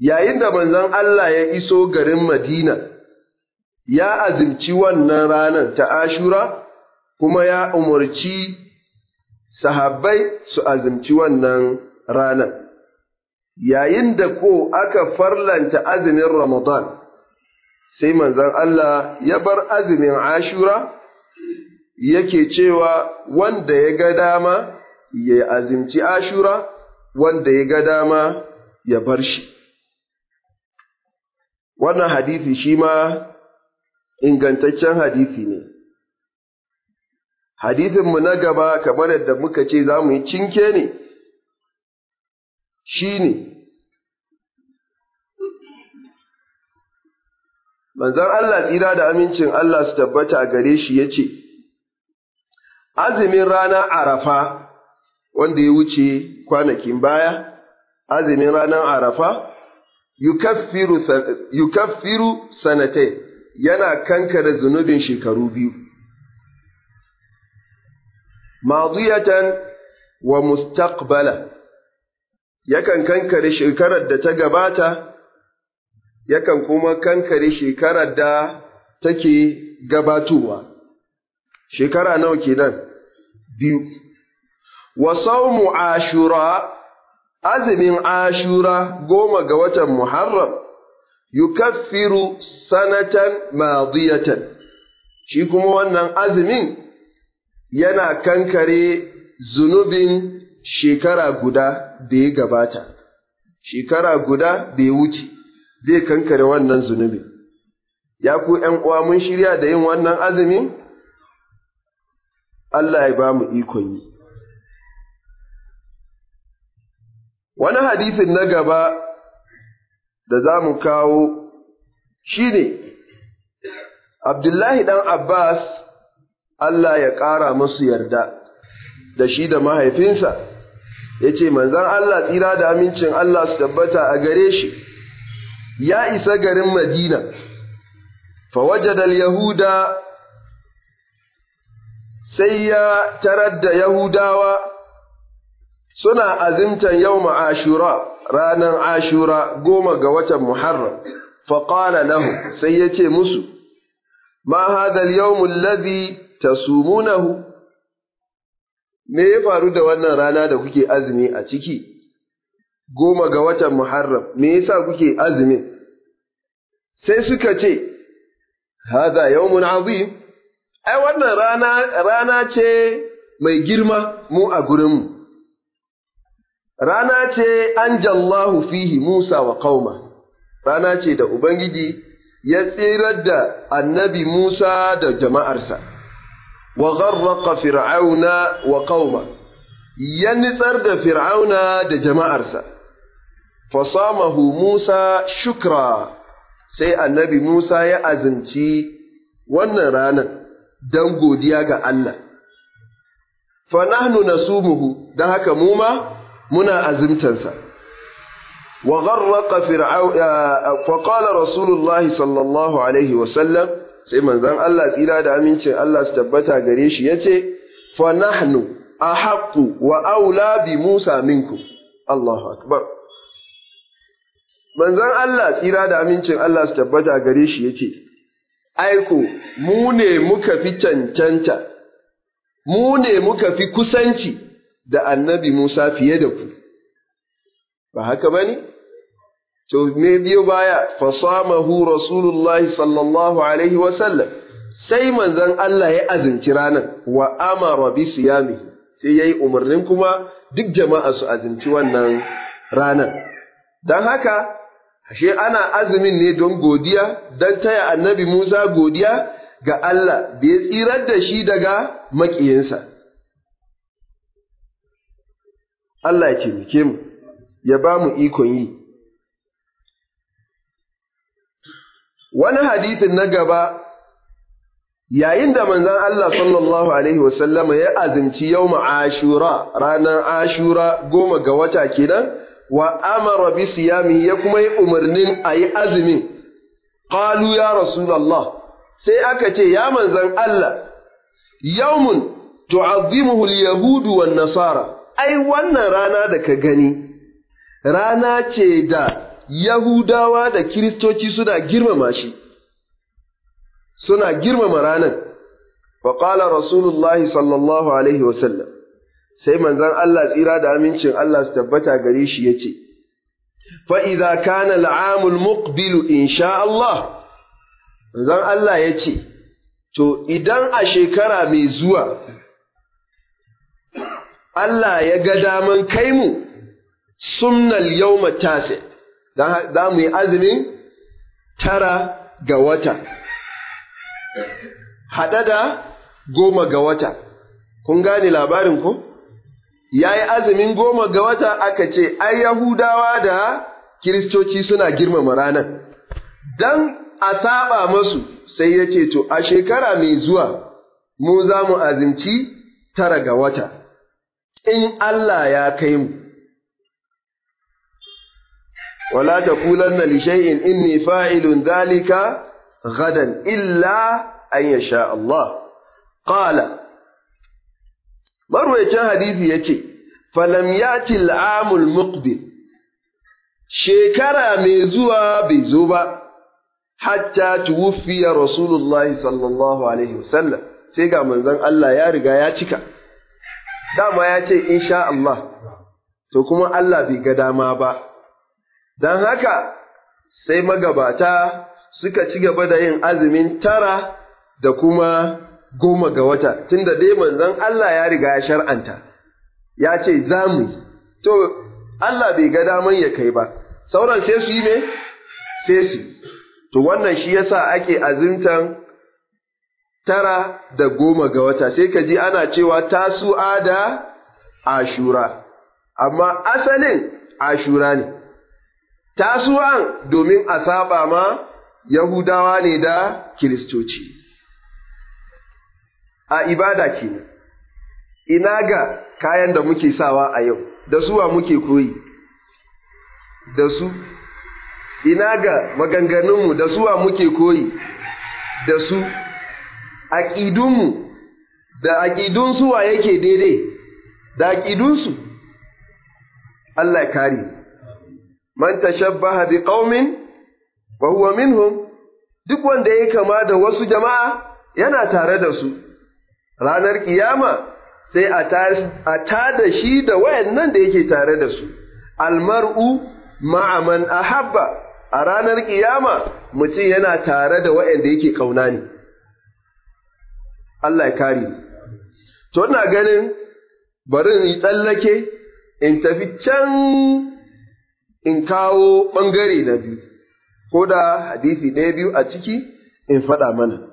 Yayin da manzon Allah ya iso garin Madina, ya azimci wannan ranar ta Ashura, kuma ya umarci sahabbai su azimci wannan ranar. Yayin da ko aka farlanta azumin Ramadan, sai manzon Allah ya bar azumin Ashura, yake cewa wanda ya ga dama ya azimci Ashura, wanda ya ga dama ya bar shi. wannan hadisi shi ma ingantaccen hadisi ne. Hadisinmu na gaba kamar yadda muka ce za mu yi cinke ne, shi ne, manzan Allah tsira da amincin Allah su tabbata a gare shi ya ce, Azumin ranar Arafa wanda ya wuce kwanakin baya, azumin ranar Arafa, yukaffiru yukaffiru sanatai yana kankare zunubin shekaru biyu madiyatan wa mustaqbala yakan kankare shekarar da ta gabata yakan kuma kankare shekarar da take gabatowa shekara nawa kenan biyu wa saumu ashura azumin ashura goma ga watan muharram yukaffiru sanatan madiyatan shi kuma wannan azumin yana kankare zunubin shekara guda da ya gabata, shekara guda da ya wuce zai kankare wannan zunubi. Ya ku uwa mun shirya da yin wannan azumin? Allah ya ba mu ikon yi. Wani hadisin na gaba da za mu kawo shi ne, Abdullahi ɗan Abbas, Allah ya ƙara masu yarda, da shi da mahaifinsa, ya ce, Manzan Allah tsira da amincin Allah su tabbata a gare shi, ya isa garin Madina, fawajadal Yahuda sai ya tarar da Yahudawa suna azimtan yau ashura ranar ashura goma ga watan Muharram, faƙala lahu sai ya ce musu, Ma hadal ta ladhi tasumunahu Me ya faru da wannan rana da kuke azumi a ciki? Goma ga watan Muharram, me yasa kuke azumin? Sai suka ce, Hada na azim, ai wannan rana, rana ce mai girma mu a gurinmu. rana ce an jallahu fihi Musa wa kauma, rana ce da Ubangiji ya tsirar da annabi Musa da jama'arsa, wa gharraqa fir'auna wa kauma, ya nitsar da fir'auna da jama'arsa, fasamahu Musa shukra sai annabi Musa ya azinci wannan ranar don godiya ga Allah. Fa nahnu nasumuhu don haka mu ma muna azumtansa wa gharraqa fir'aun rasulullahi sallallahu alaihi wa sallam sai manzon Allah tsira da amincin Allah su tabbata gare shi ce. fa nahnu haƙƙu wa aula bi Musa minkum Allahu akbar manzon Allah tsira da amincin Allah su tabbata gare shi ce. aiko mu ne muka fi cancanta mu ne muka fi kusanci da annabi Musa fiye da ku, ba haka ba ne? To, me biyo baya, fasamahu Rasulullahi sallallahu Alaihi wasallam, sai manzan Allah ya azinci ranar wa amara bi siyami sai ya yi umarnin kuma duk jama'a su azinci wannan ranar. Don haka, ashe ana azumin ne don godiya, don taya annabi Musa godiya ga Allah da tsirar da shi daga maƙiyinsa. Allah ya taimake mu, ya ba mu ikon yi. Wani hadithin na gaba, yayin da manzan Allah sallallahu Alaihi wasallama ya azumci yau ashura ranar ashura goma ga wata kenan, wa amara bi siyami ya kuma yi umarnin a yi azumin, ƙalu ya Rasulallah, sai aka ce, ya manzan Allah, yaumun tu'azzimuhu al-yahudu wan nasara ai wannan rana da ka gani, rana ce da Yahudawa da Kiristoci suna girmama shi, suna girmama ranar. Faƙala Rasulullahi sallallahu Alaihi wasallam, sai manzan Allah tsira da amincin Allah su tabbata gare shi ya ce, Fa'iza kana la'amul muqbilu in sha Allah, manzan Allah ya ce, To, idan a shekara mai zuwa Allah ya ga daman kai mu sunnal yawma tasi za mu yi azumin tara ga wata haɗa da goma ga wata kun gane labarin ko ya yi azumin goma ga wata aka ce ai yahudawa da kiristoci suna girmama ranar don a saba masu sai ya ce to a shekara mai zuwa mu za mu azumci tara ga wata in Allah ya kai mu. Wala ta kulanna li shay'in inni fa'ilun zalika gadan illa an yasha Allah. Qala Marwayacin hadisi ya ce, Falam ya ci al'amul shekara mai zuwa bai zo ba, hatta tuwufiya Rasulullahi sallallahu Alaihi wasallam sai ga manzon Allah ya riga ya cika. dama ya ce insha Allah to kuma Allah bai ga dama ba don haka sai magabata suka ci gaba da yin azumin tara da kuma goma ga wata tunda dai manzon Allah ya riga ya shar'anta ya ce za mu to Allah bai ga daman ya kai ba sauran sai su yi ne sai su to wannan shi yasa ake azumtan tara da goma ga wata sai ka ji ana cewa tasu'a da ashura amma asalin ashura ne tasu'an domin a saba ma yahudawa ne da kiristoci a ibada ke, ina ga kayan da muke sawa a yau da suwa muke koyi da su ina ga maganganunmu da suwa muke koyi da su aƙidunmu da aƙidun suwa yake daidai da aƙidunsu Allah kare man tashabbaha bi qaumin wa huwa minhum duk wanda ya kama da wasu jama'a yana tare da su ranar kiyama sai a ta da shi da wayannan da yake tare da su almar'u ma'a man ahabba a ranar kiyama mutum yana tare da wayanda yake ƙauna ne Allah ya kare to ina ganin bari in tsallake in tafi can in kawo ɓangare na biyu ko da hadisi ɗaya biyu a ciki in faɗa mana